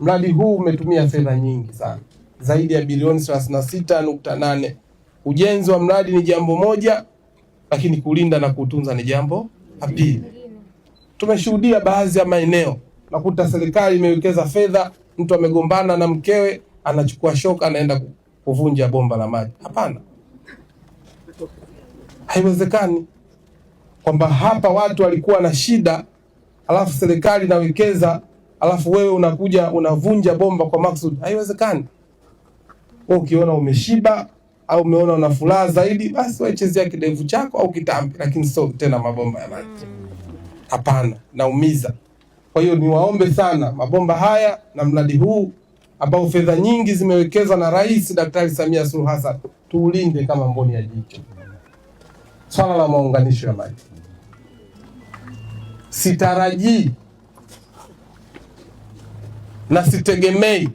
Mradi huu umetumia fedha nyingi sana, zaidi ya bilioni 36.8. Ujenzi wa mradi ni jambo moja, lakini kulinda na kutunza ni jambo la pili. Tumeshuhudia baadhi ya maeneo nakuta serikali imewekeza fedha, mtu amegombana na mkewe, anachukua shoka anaenda kuvunja bomba la maji. Hapana, haiwezekani kwamba hapa watu walikuwa na shida, alafu serikali inawekeza alafu wewe unakuja unavunja bomba kwa maksud, haiwezekani. ukiona umeshiba au umeona una furaha zaidi, basi waichezea kidevu chako au kitambi, lakini sio tena mabomba ya maji. Hapana, naumiza. Kwa hiyo niwaombe sana mabomba haya na mradi huu ambao fedha nyingi zimewekezwa na Rais Daktari Samia Suluhu Hassan, tuulinde kama mboni ya jicho. Swala la maunganisho ya maji sitarajii na sitegemei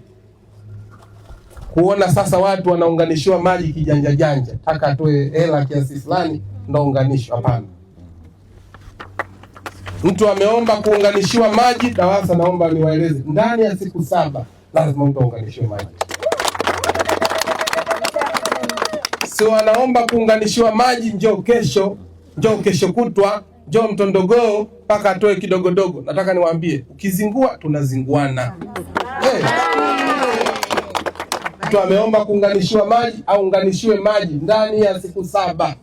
kuona sasa watu wanaunganishiwa maji kijanja janja, taka atoe hela kiasi fulani ndo Hapana, mtu ameomba kuunganishiwa maji DAWASA, naomba niwaeleze, ndani ya siku saba lazima mtu aunganishiwe maji. Sio anaomba kuunganishiwa maji, njoo kesho, njoo kesho kutwa jo mtondogoo mpaka atoe kidogodogo. Nataka niwaambie, ukizingua tunazinguana. Hey. Mtu ameomba kuunganishiwa maji aunganishiwe maji ndani ya siku saba,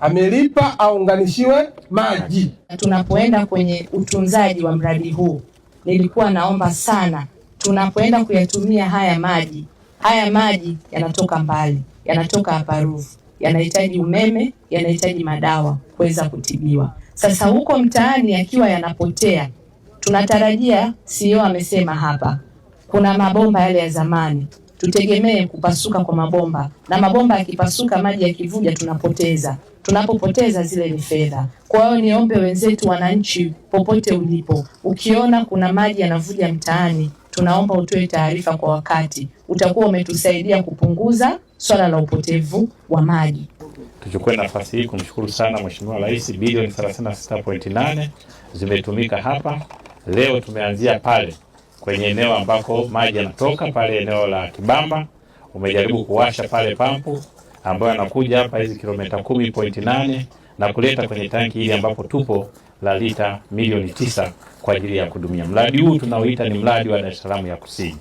amelipa aunganishiwe maji. Tunapoenda kwenye utunzaji wa mradi huu, nilikuwa naomba sana, tunapoenda kuyatumia haya maji, haya maji yanatoka mbali, yanatoka hapa Ruvu yanahitaji umeme, yanahitaji madawa kuweza kutibiwa. Sasa huko mtaani yakiwa yanapotea, tunatarajia CEO amesema hapa kuna mabomba yale ya zamani, tutegemee kupasuka kwa mabomba, na mabomba yakipasuka, maji yakivuja, tunapoteza tunapopoteza zile ni fedha. Kwa hiyo niombe wenzetu wananchi, popote ulipo, ukiona kuna maji yanavuja mtaani tunaomba utoe taarifa kwa wakati, utakuwa umetusaidia kupunguza swala la upotevu wa maji. Tuchukue nafasi hii kumshukuru sana Mheshimiwa Rais, bilioni 36.8 zimetumika hapa leo. Tumeanzia pale kwenye eneo ambako maji yanatoka pale eneo la Kibamba, umejaribu kuwasha pale pampu ambayo anakuja hapa hizi kilomita 10.8 na kuleta kwenye tanki hili ambapo tupo la lita milioni tisa kwa ajili ya kudumia mradi huu tunaoita ni mradi wa Dar es Salaam ya Kusini.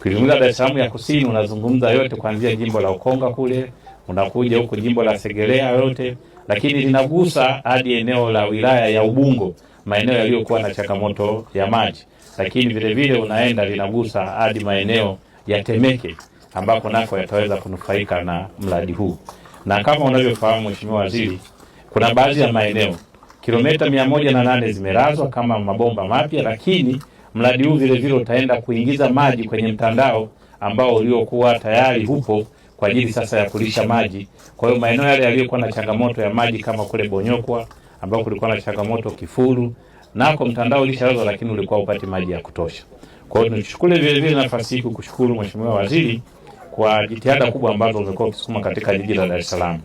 Ukizungumza Dar es Salaam ya Kusini, unazungumza yote kuanzia jimbo la Ukonga kule, unakuja huko jimbo la Segerea yote, lakini linagusa hadi eneo la wilaya ya Ubungo, maeneo yaliyokuwa na changamoto ya maji, lakini vilevile unaenda linagusa hadi maeneo ya Temeke ambako nako yataweza kunufaika na mradi huu, na kama unavyofahamu Mheshimiwa Waziri, kuna baadhi ya maeneo kilomita mia moja na nane zimelazwa kama mabomba mapya, lakini mradi huu vilevile utaenda kuingiza maji kwenye mtandao ambao uliokuwa tayari hupo kwa ajili sasa ya kulisha maji. Kwa hiyo maeneo yale yaliyokuwa na changamoto ya maji kama kule Bonyokwa ambao kulikuwa na changamoto Kifuru, nako mtandao ulishalazwa, lakini ulikuwa upati maji ya kutosha. Kwa hiyo nichukule vile vile nafasi hii kukushukuru Mheshimiwa Waziri kwa jitihada kubwa ambazo umekuwa ukisukuma katika jiji la Dar es Salaam.